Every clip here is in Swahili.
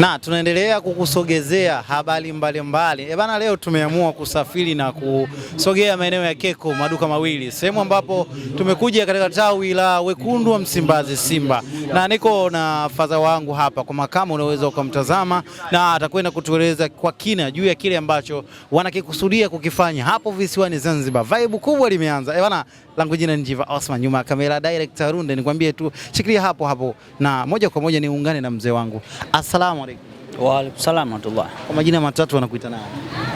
Na tunaendelea kukusogezea habari mbalimbali. E bana, leo tumeamua kusafiri na kusogea maeneo ya Keko maduka mawili, sehemu ambapo tumekuja katika tawi la wekundu wa Msimbazi Simba na niko na fadha wangu hapa kwa makamu, unaweza ukamtazama na atakwenda kutueleza kwa kina juu ya kile ambacho wanakikusudia kukifanya hapo visiwani Zanzibar. Vibe kubwa limeanza. Eh, bana, langu jina ni Jiva Osman, nyuma ya kamera director Runde, nikwambie tu shikilia hapo hapo na moja kwa moja niungane na mzee wangu. Asalamu alaykum. Wa alaykum salaam warahmatullah. Kwa majina matatu wanakuita nani?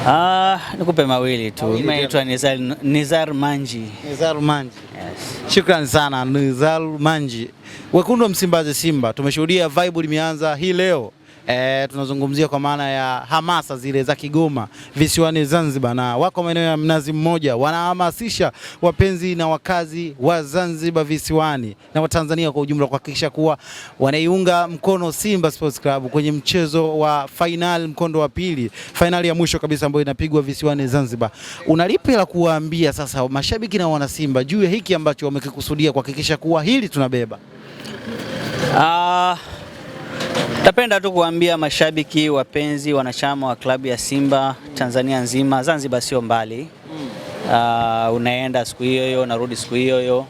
Ah, nikupe mawili tu. Mimi naitwa Nizar, Nizar Manji. Nizar Manji. Yes. Shukrani sana Nizar Manji. Wekundu wa Msimbazi Simba, tumeshuhudia vibe limeanza hii leo e, tunazungumzia kwa maana ya hamasa zile za Kigoma visiwani Zanzibar, na wako maeneo ya Mnazi Mmoja wanahamasisha wapenzi na wakazi wa Zanzibar visiwani na Watanzania kwa ujumla kuhakikisha kuwa wanaiunga mkono Simba Sports Club kwenye mchezo wa fainali mkondo wa pili, fainali ya mwisho kabisa ambayo inapigwa visiwani Zanzibar. Unalipi la kuwaambia sasa mashabiki na wanasimba juu ya hiki ambacho wamekikusudia kuhakikisha kuwa hili tunabeba? Uh... Napenda tu kuambia mashabiki, wapenzi, wanachama wa klabu ya Simba Tanzania nzima, Zanzibar sio mbali. Uh, unaenda siku hiyo hiyo unarudi siku hiyo hiyo.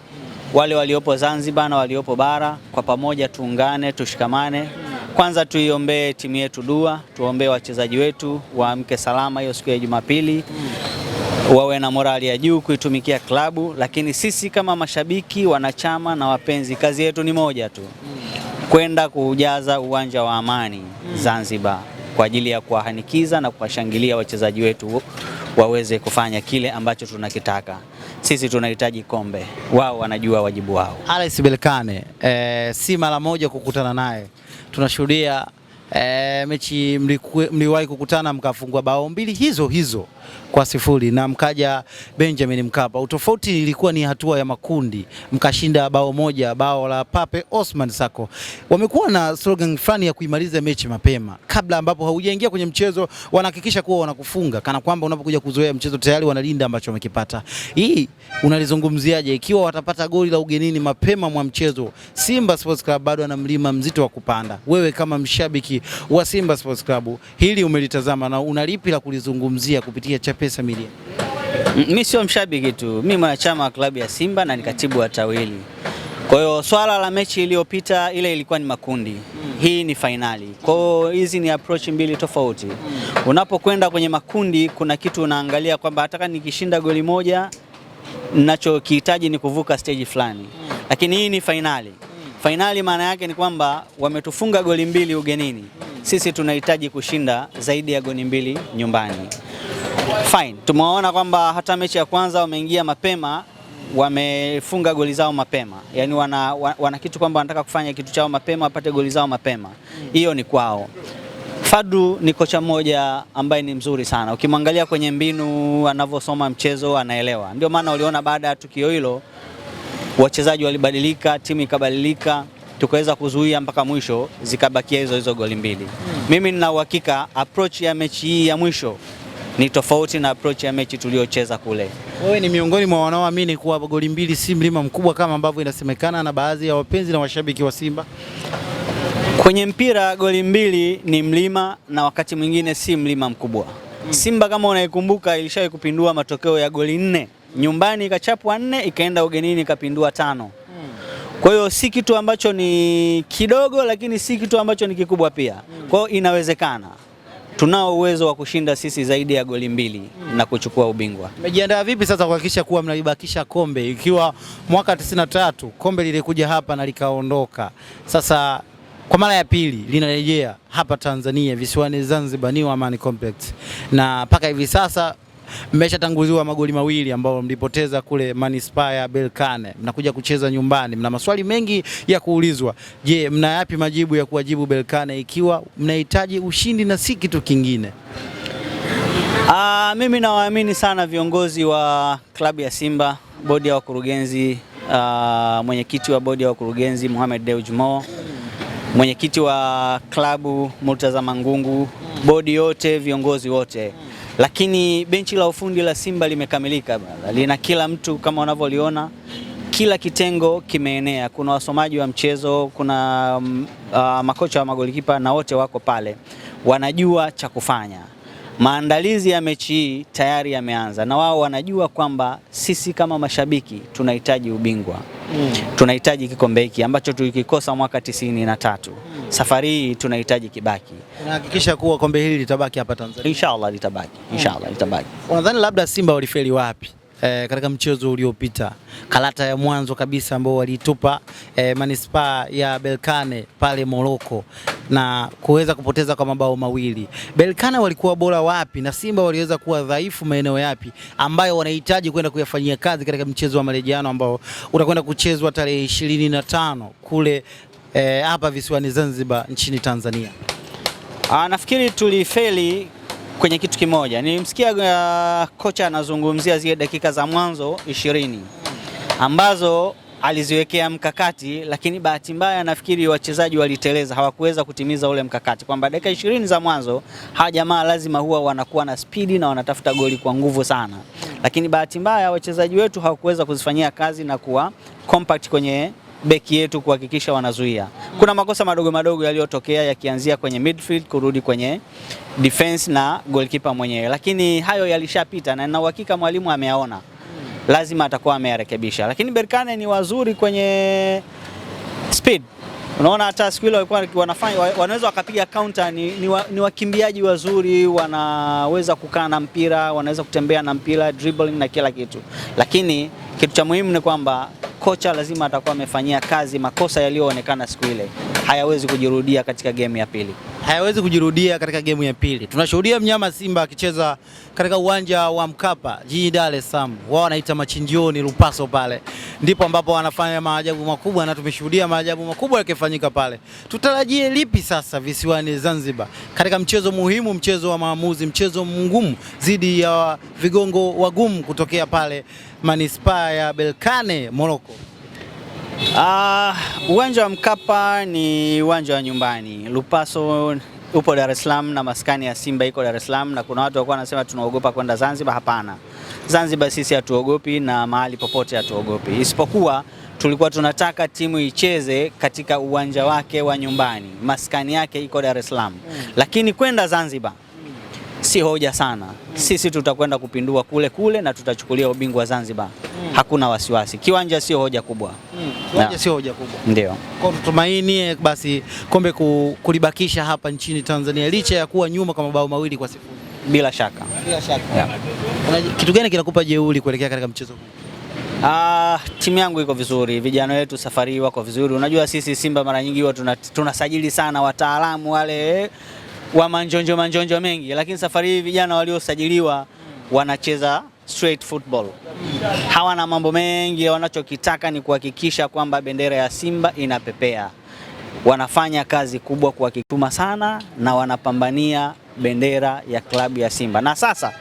Wale waliopo Zanzibar na waliopo bara, kwa pamoja tuungane, tushikamane. Kwanza tuiombee timu yetu dua, tuombee wachezaji wetu waamke salama hiyo siku ya Jumapili, hmm. wawe na morali ya juu kuitumikia klabu. Lakini sisi kama mashabiki, wanachama na wapenzi, kazi yetu ni moja tu hmm kwenda kuujaza uwanja wa Amani mm. Zanzibar kwa ajili ya kuwahanikiza na kuwashangilia wachezaji wetu waweze kufanya kile ambacho tunakitaka sisi. Tunahitaji kombe, wao wanajua wajibu wao. Alex Belkane e, si mara moja kukutana naye, tunashuhudia e, mechi mliwahi kukutana mkafungwa bao mbili hizo hizo kwa sifuri na mkaja Benjamin Mkapa. Utofauti ilikuwa ni hatua ya makundi, mkashinda bao moja, bao la Pape Osman Sako. Wamekuwa na slogan fulani ya kuimaliza mechi mapema, kabla ambapo haujaingia kwenye mchezo, wanahakikisha kuwa wanakufunga, kana kwamba unapokuja kuzoea mchezo tayari wanalinda ambacho wamekipata. Hii unalizungumziaje? Ikiwa watapata goli la ugenini mapema mwa mchezo, Simba Sports Club bado ana mlima mzito wa kupanda. Wewe kama mshabiki wa Simba Sports Club, hili umelitazama na unalipi la kulizungumzia kupitia ya Chapesa Media? Mi sio mshabiki tu, mi mwanachama wa klabu ya Simba na ni katibu wa tawili. Kwa hiyo swala la mechi iliyopita ile ilikuwa ni makundi Hii ni fainali, kwa hiyo hizi ni approach mbili tofauti Unapokwenda kwenye makundi, kuna kitu unaangalia kwamba hata nikishinda goli moja ninachokihitaji ni kuvuka stage fulani Lakini hii ni fainali mm. Fainali maana yake ni kwamba wametufunga goli mbili ugenini Sisi tunahitaji kushinda zaidi ya goli mbili nyumbani fine. Tumewaona kwamba hata mechi ya kwanza wameingia mapema, wamefunga goli zao mapema, yaani wana, wana kitu kwamba wanataka kufanya kitu chao mapema, wapate goli zao mapema. Hiyo ni kwao. Fadu ni kocha mmoja ambaye ni mzuri sana, ukimwangalia kwenye mbinu anavyosoma mchezo anaelewa. Ndio maana uliona baada ya tukio hilo wachezaji walibadilika, timu ikabadilika, tukaweza kuzuia mpaka mwisho, zikabakia hizo hizo goli mbili. Mimi nina uhakika approach ya mechi hii ya mwisho ni tofauti na approach ya mechi tuliyocheza kule. Wewe ni miongoni mwa wanaoamini kuwa goli mbili si mlima mkubwa kama ambavyo inasemekana na baadhi ya wapenzi na washabiki wa Simba? Kwenye mpira goli mbili ni mlima na wakati mwingine si mlima mkubwa. Hmm. Simba kama unaikumbuka, ilishawahi kupindua matokeo ya goli nne nyumbani, ikachapwa nne, ikaenda ugenini ikapindua tano. Hmm. Kwa hiyo si kitu ambacho ni kidogo, lakini si kitu ambacho ni kikubwa pia. Hmm. Kwa hiyo inawezekana tunao uwezo wa kushinda sisi zaidi ya goli mbili na kuchukua ubingwa. Mmejiandaa vipi sasa kuhakikisha kuwa mnaibakisha kombe, ikiwa mwaka 93 kombe lilikuja hapa na likaondoka, sasa kwa mara ya pili linarejea hapa Tanzania visiwani Zanzibar, New Amani Complex, na mpaka hivi sasa mmeshatanguliwa magoli mawili ambao mlipoteza kule Manispaa ya Berkane, mnakuja kucheza nyumbani, mna maswali mengi ya kuulizwa. Je, mna yapi majibu ya kuwajibu Berkane ikiwa mnahitaji ushindi na si kitu kingine? Aa, ah, mimi nawaamini sana viongozi wa klabu ya Simba, bodi ya wakurugenzi, ah, mwenyekiti wa bodi ya wakurugenzi Mohamed Dewji Mo, mwenyekiti wa klabu Murtaza Mangungu, bodi yote, viongozi wote lakini benchi la ufundi la Simba limekamilika, lina kila mtu kama unavyoliona, kila kitengo kimeenea. Kuna wasomaji wa mchezo, kuna uh, makocha wa magolikipa na wote wako pale, wanajua cha kufanya maandalizi ya mechi hii tayari yameanza, na wao wanajua kwamba sisi kama mashabiki tunahitaji ubingwa mm. tunahitaji kikombe hiki ambacho tulikikosa mwaka tisini na tatu mm. safari hii tunahitaji kibaki. Unahakikisha kuwa kombe hili litabaki hapa Tanzania? Inshallah litabaki, mm. inshallah litabaki. Unadhani labda Simba walifeli wapi? eh, katika mchezo uliopita, karata ya mwanzo kabisa ambao walitupa eh, manispaa ya belkane pale Moroko na kuweza kupoteza kwa mabao mawili. belkane walikuwa bora wapi na Simba waliweza kuwa dhaifu maeneo yapi ambayo wanahitaji kwenda kuyafanyia kazi katika mchezo wa marejeano ambao utakwenda kuchezwa tarehe ishirini na tano kule eh, hapa eh, visiwani Zanzibar nchini Tanzania. Aa, ah, nafikiri tulifeli kwenye kitu kimoja. Nilimsikia uh, kocha anazungumzia zile dakika za mwanzo ishirini ambazo aliziwekea mkakati, lakini bahati mbaya nafikiri wachezaji waliteleza, hawakuweza kutimiza ule mkakati, kwamba dakika ishirini za mwanzo hawa jamaa lazima huwa wanakuwa na spidi na wanatafuta goli kwa nguvu sana, lakini bahati mbaya wachezaji wetu hawakuweza kuzifanyia kazi na kuwa compact kwenye beki yetu kuhakikisha wanazuia. Kuna makosa madogo madogo yaliyotokea yakianzia kwenye midfield kurudi kwenye defense na goalkeeper mwenyewe, lakini hayo yalishapita na na uhakika mwalimu ameyaona, lazima atakuwa ameyarekebisha. Lakini Berkane ni wazuri kwenye speed, unaona hata siku ile walikuwa wanafanya wanaweza wakapiga counter. Ni, ni, wa, ni wakimbiaji wazuri, wanaweza kukaa na mpira, wanaweza kutembea na mpira, dribbling na kila kitu, lakini kitu cha muhimu ni kwamba kocha lazima atakuwa amefanyia kazi makosa yaliyoonekana siku ile, hayawezi kujirudia katika gemu ya pili hayawezi kujirudia katika gemu ya pili. Tunashuhudia mnyama Simba akicheza katika uwanja wa Mkapa jijini Dar es Salaam, wao wanaita machinjioni Lupaso, pale ndipo ambapo wanafanya maajabu makubwa, na tumeshuhudia maajabu makubwa yakifanyika pale. Tutarajie lipi sasa visiwani Zanzibar katika mchezo muhimu, mchezo wa maamuzi, mchezo mgumu dhidi ya vigongo wagumu kutokea pale manispaa ya belkane Morocco? Ah, uwanja uh, wa Mkapa ni uwanja wa nyumbani. Lupaso upo Dar es Salaam na maskani ya Simba iko Dar es Salaam, na kuna watu walikuwa wanasema tunaogopa kwenda Zanzibar. Hapana, Zanzibar sisi hatuogopi na mahali popote hatuogopi, isipokuwa tulikuwa tunataka timu icheze katika uwanja wake wa nyumbani, maskani yake iko Dar es Salaam mm. Lakini kwenda Zanzibar si hoja sana mm. Sisi tutakwenda kupindua kule kule na tutachukulia ubingwa Zanzibar mm. Hakuna wasiwasi, kiwanja sio hoja kubwa mm. Kiwanja sio hoja kubwa, ndio kwa tumaini basi kombe kulibakisha hapa nchini Tanzania licha ya kuwa nyuma kwa mabao mawili kwa sifuri. Bila shaka, bila shaka. Yeah. Kitu gani kinakupa jeuri kuelekea katika mchezo huu? Ah, timu yangu iko vizuri, vijana wetu safari wako vizuri. Unajua sisi Simba mara nyingi huwa tunasajili tuna sana wataalamu wale eh, wa manjonjo manjonjo mengi, lakini safari hii vijana waliosajiliwa wanacheza straight football, hawana mambo mengi. Wanachokitaka ni kuhakikisha kwamba bendera ya Simba inapepea. Wanafanya kazi kubwa kuwakituma sana, na wanapambania bendera ya klabu ya Simba, na sasa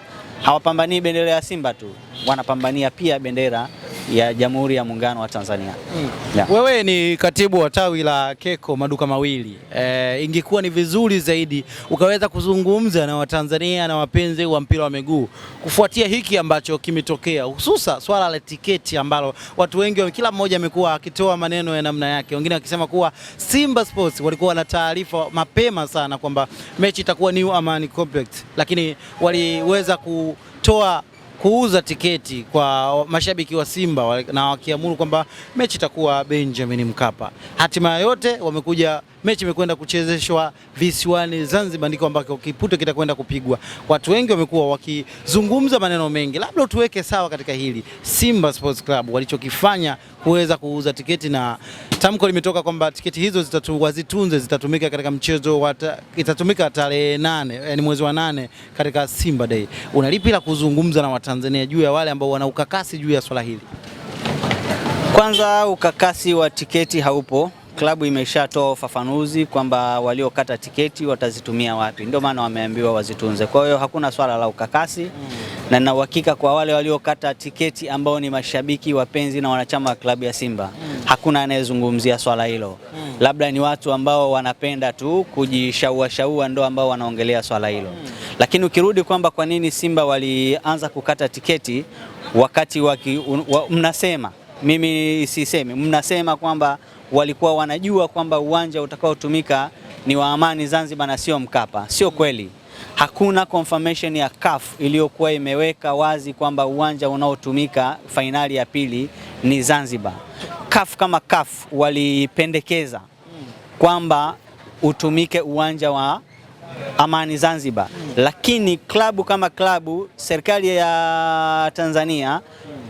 hawapambanii bendera ya Simba tu, wanapambania pia bendera ya Jamhuri ya Muungano wa Tanzania. Mm. Yeah. Wewe ni katibu wa tawi la Keko maduka mawili e, ingekuwa ni vizuri zaidi ukaweza kuzungumza na Watanzania na wapenzi wa mpira wa miguu kufuatia hiki ambacho kimetokea, hususa swala la tiketi ambalo watu wengi, kila mmoja amekuwa akitoa maneno ya namna yake, wengine wakisema kuwa Simba Sports walikuwa na taarifa mapema sana kwamba mechi itakuwa New Amani Complex, lakini waliweza kutoa kuuza tiketi kwa mashabiki wa Simba na wakiamuru kwamba mechi itakuwa Benjamin Mkapa. Hatima yote wamekuja, mechi imekwenda kuchezeshwa visiwani Zanzibar, ndiko ambako kipute kitakwenda kupigwa. Watu wengi wamekuwa wakizungumza maneno mengi, labda tuweke sawa katika hili. Simba Sports Club walichokifanya kuweza kuuza tiketi, na tamko limetoka kwamba tiketi hizo wazitunze zitatumika katika mchezo wa itatumika tarehe nane, yani mwezi wa nane katika Simba Day. Unalipi la kuzungumza na watu Tanzania juu ya wale ambao wana ukakasi juu ya swala hili? Kwanza, ukakasi wa tiketi haupo. Klabu imeshatoa ufafanuzi kwamba waliokata tiketi watazitumia wapi, ndio maana wameambiwa wazitunze. Kwa hiyo hakuna swala la ukakasi mm na nina uhakika kwa wale waliokata tiketi ambao ni mashabiki wapenzi na wanachama wa klabu ya Simba mm. hakuna anayezungumzia swala hilo mm. labda ni watu ambao wanapenda tu kujishaua shaua ndo ambao wanaongelea swala hilo mm. lakini ukirudi kwamba kwa nini Simba walianza kukata tiketi wakati waki, un, wa, mnasema mimi sisemi, mnasema kwamba walikuwa wanajua kwamba uwanja utakaotumika ni wa Amani Zanzibar na sio Mkapa. Sio kweli. Hakuna confirmation ya CAF iliyokuwa imeweka wazi kwamba uwanja unaotumika fainali ya pili ni Zanzibar. CAF kama CAF walipendekeza kwamba utumike uwanja wa Amani Zanzibar, lakini klabu kama klabu, serikali ya Tanzania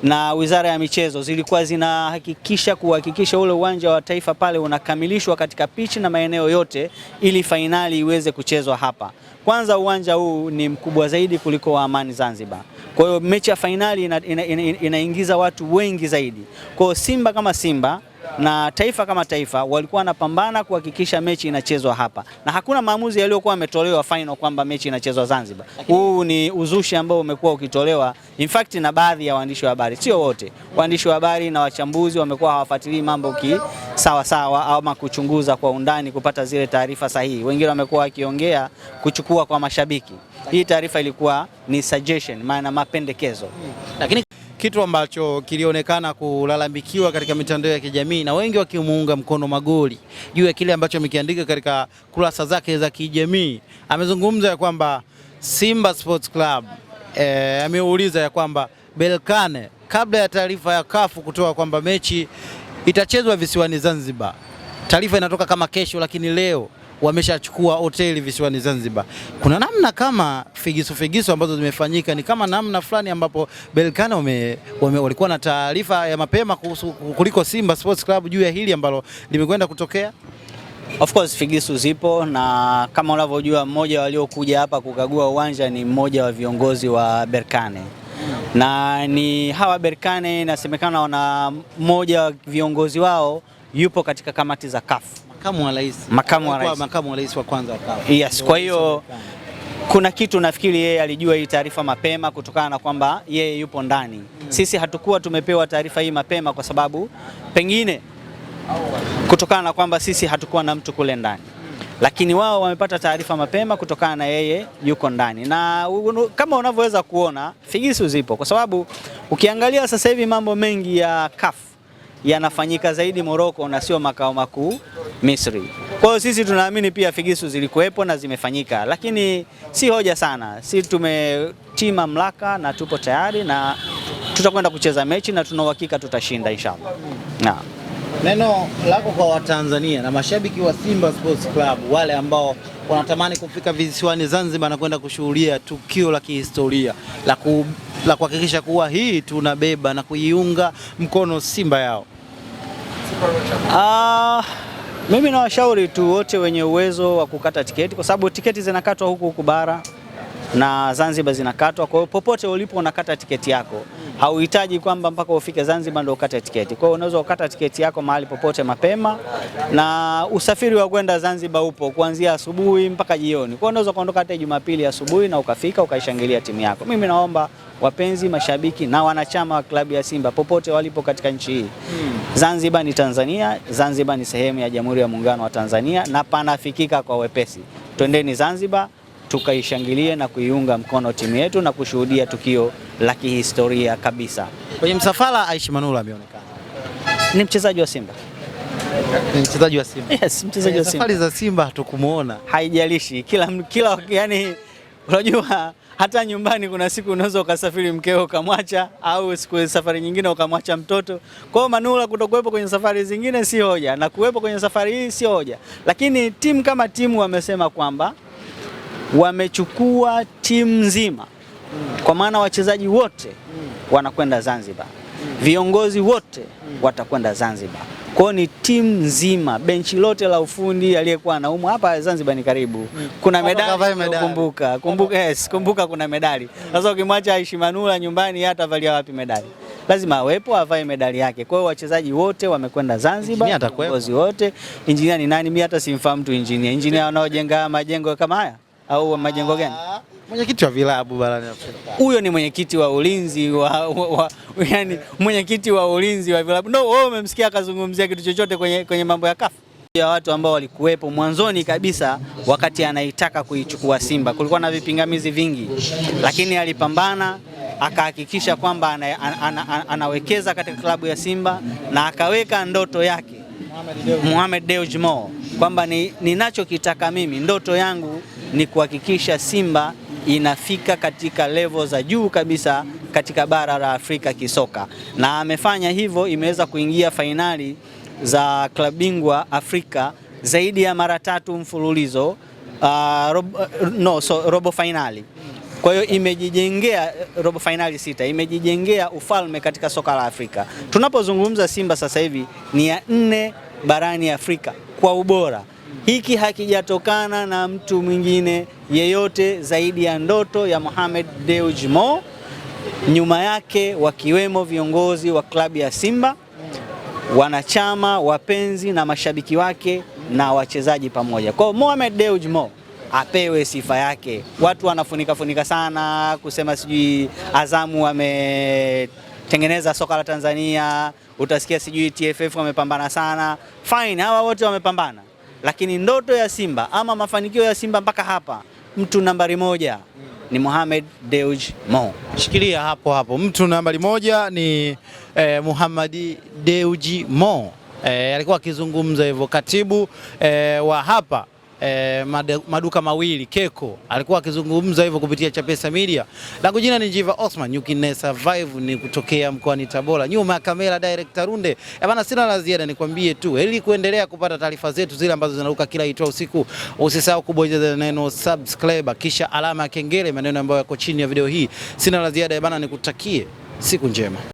na Wizara ya Michezo zilikuwa zinahakikisha kuhakikisha ule uwanja wa taifa pale unakamilishwa katika pichi na maeneo yote ili fainali iweze kuchezwa hapa. Kwanza uwanja huu ni mkubwa zaidi kuliko wa Amani Zanzibar. Kwa hiyo mechi ya fainali inaingiza ina, ina, ina watu wengi zaidi. Kwa hiyo Simba kama Simba na taifa kama taifa walikuwa wanapambana kuhakikisha mechi inachezwa hapa, na hakuna maamuzi yaliyokuwa yametolewa final kwamba mechi inachezwa Zanzibar. Huu ni uzushi ambao umekuwa ukitolewa in fact na baadhi ya waandishi wa habari, sio wote waandishi wa habari na wachambuzi wamekuwa hawafuatilii mambo ki sawa sawa ama kuchunguza kwa undani kupata zile taarifa sahihi. Wengine wamekuwa wakiongea kuchukua kwa mashabiki. Hii taarifa ilikuwa ni suggestion, maana mapendekezo, lakini kitu ambacho kilionekana kulalamikiwa katika mitandao ya kijamii na wengi wakimuunga mkono Magoli juu ya kile ambacho amekiandika katika kurasa zake za kijamii. Amezungumza ya kwamba Simba Sports Club e, ameuliza ya kwamba belkane kabla ya taarifa ya kafu kutoa kwamba mechi itachezwa visiwani Zanzibar, taarifa inatoka kama kesho, lakini leo wameshachukua hoteli visiwani Zanzibar. Kuna namna kama figisu figisu ambazo zimefanyika ni kama namna fulani ambapo Berkane walikuwa na taarifa ya mapema kuhusu kuliko Simba Sports Club juu ya hili ambalo limekwenda kutokea. Of course figisu zipo na kama unavyojua, mmoja waliokuja hapa kukagua uwanja ni mmoja wa viongozi wa Berkane na ni hawa Berkane, inasemekana wana mmoja wa viongozi wao yupo katika kamati za kafu makamu wa rais, makamu wa rais, makamu wa rais wa kwanza wakawa. Yes, kwa hiyo kuna kitu nafikiri yeye alijua hii taarifa mapema kutokana na kwamba yeye yupo ndani Sisi hatukuwa tumepewa taarifa hii mapema kwa sababu pengine kutokana na kwamba sisi hatukuwa na mtu kule ndani lakini wao wamepata taarifa mapema kutokana na yeye yuko ndani, na kama unavyoweza kuona figisu zipo, kwa sababu ukiangalia sasa hivi mambo mengi ya kafu yanafanyika zaidi Moroko na sio makao makuu Misri. Kwa hiyo sisi tunaamini pia figisu zilikuwepo na zimefanyika, lakini si hoja sana. Si tumetii mamlaka na tupo tayari na tutakwenda kucheza mechi na tuna uhakika tutashinda inshallah. Na neno lako kwa Watanzania na mashabiki wa Simba Sports Club, wale ambao wanatamani kufika visiwani Zanzibar na kwenda kushuhudia tukio la kihistoria la kuhakikisha kuwa hii tunabeba na kuiunga mkono Simba yao. Uh, mimi nawashauri tu wote wenye uwezo wa kukata tiketi kwa sababu tiketi zinakatwa huku huku bara na Zanzibar zinakatwa. Kwa hiyo popote ulipo unakata tiketi yako, hauhitaji kwamba mpaka ufike Zanzibar ndio ukate tiketi. Kwa hiyo unaweza ukata tiketi yako mahali popote mapema, na usafiri wa kwenda Zanzibar upo kuanzia asubuhi mpaka jioni. Kwa hiyo unaweza kuondoka hata Jumapili asubuhi na ukafika ukaishangilia timu yako. Mimi naomba wapenzi mashabiki na wanachama wa klabu ya Simba popote walipo katika nchi hii hmm. Zanzibar ni Tanzania, Zanzibar ni sehemu ya Jamhuri ya Muungano wa Tanzania na panafikika kwa wepesi. Twendeni Zanzibar tukaishangilie na kuiunga mkono timu yetu na kushuhudia tukio la kihistoria kabisa. Kwenye msafara Aishi Manula ameonekana ni mchezaji wa Simba ni mchezaji wa Simba. Yes, mchezaji wa Simba. Safari za Simba hatukumuona. Haijalishi kila, kila yani unajua hata nyumbani kuna siku unaweza ukasafiri mkeo ukamwacha, au siku safari nyingine ukamwacha mtoto. Kwa hiyo Manula kutokuwepo kwenye safari zingine si hoja, na kuwepo kwenye safari hii si hoja, lakini timu kama timu wamesema kwamba wamechukua timu nzima, kwa maana wachezaji wote wanakwenda Zanzibar, viongozi wote watakwenda Zanzibar. Kwa ni timu nzima, benchi lote la ufundi aliyekuwa anaumwa hapa Zanzibar ni karibu. Mm. Kuna medali, kumbuka kumbuka, yes, kumbuka kuna medali. Sasa ukimwacha Aishi Manula nyumbani, hata atavalia wapi medali lazima awepo avae medali yake. Kwa hiyo wachezaji wote wamekwenda Zanzibar, viongozi wote. Injinia ni nani? Mimi hata simfahamu mtu injinia. Injinia wanaojenga majengo kama haya au majengo gani? Ah, Mwenyekiti wa vilabu barani Afrika. Huyo ni mwenyekiti wa ulinzi wa, wa, wa yani mwenyekiti wa ulinzi wa vilabu. No, wewe umemsikia akazungumzia kitu chochote kwenye, kwenye mambo ya kafu ya watu ambao walikuwepo mwanzoni kabisa wakati anaitaka kuichukua Simba, kulikuwa na vipingamizi vingi, lakini alipambana akahakikisha kwamba ana, ana, ana, anawekeza katika klabu ya Simba na akaweka ndoto yake Mohamed Dewji Mo kwamba ninachokitaka ni mimi, ndoto yangu ni kuhakikisha Simba inafika katika levo za juu kabisa katika bara la Afrika kisoka, na amefanya hivyo, imeweza kuingia fainali za klabu bingwa Afrika zaidi ya mara tatu mfululizo uh, robo, no, so, robo fainali. Kwa hiyo imejijengea robo fainali sita, imejijengea ufalme katika soka la Afrika. Tunapozungumza Simba sasa hivi ni ya nne barani Afrika kwa ubora. Hiki hakijatokana na mtu mwingine yeyote zaidi ya ndoto ya Mohamed Dewji Mo, nyuma yake wakiwemo viongozi wa klabu ya Simba, wanachama, wapenzi na mashabiki wake na wachezaji pamoja. Kwa hiyo Mohamed Dewji Mo apewe sifa yake. Watu wanafunika funika sana kusema sijui Azamu wametengeneza soka la Tanzania, utasikia sijui TFF wamepambana sana. Fine, hawa wote wamepambana, lakini ndoto ya Simba ama mafanikio ya Simba mpaka hapa mtu nambari moja ni Mohamed Dewji Mo. Shikilia hapo hapo, mtu nambari moja ni eh, Mohamed Dewji Mo. Eh, alikuwa akizungumza hivyo katibu eh, wa hapa eh, maduka mawili Keko alikuwa akizungumza hivyo kupitia Chapesa Media. Langu jina ni Jiva Osman, you can survive ni kutokea mkoani Tabora, nyuma ya kamera director Runde. Eh, bana, sina la ziada, nikwambie tu ili kuendelea kupata taarifa zetu zile ambazo zinaruka kila itwa usiku, usisahau kubonyeza neno subscribe kisha alama ya kengele, maneno ambayo yako chini ya video hii. Sina la ziada eh, bana, nikutakie siku njema.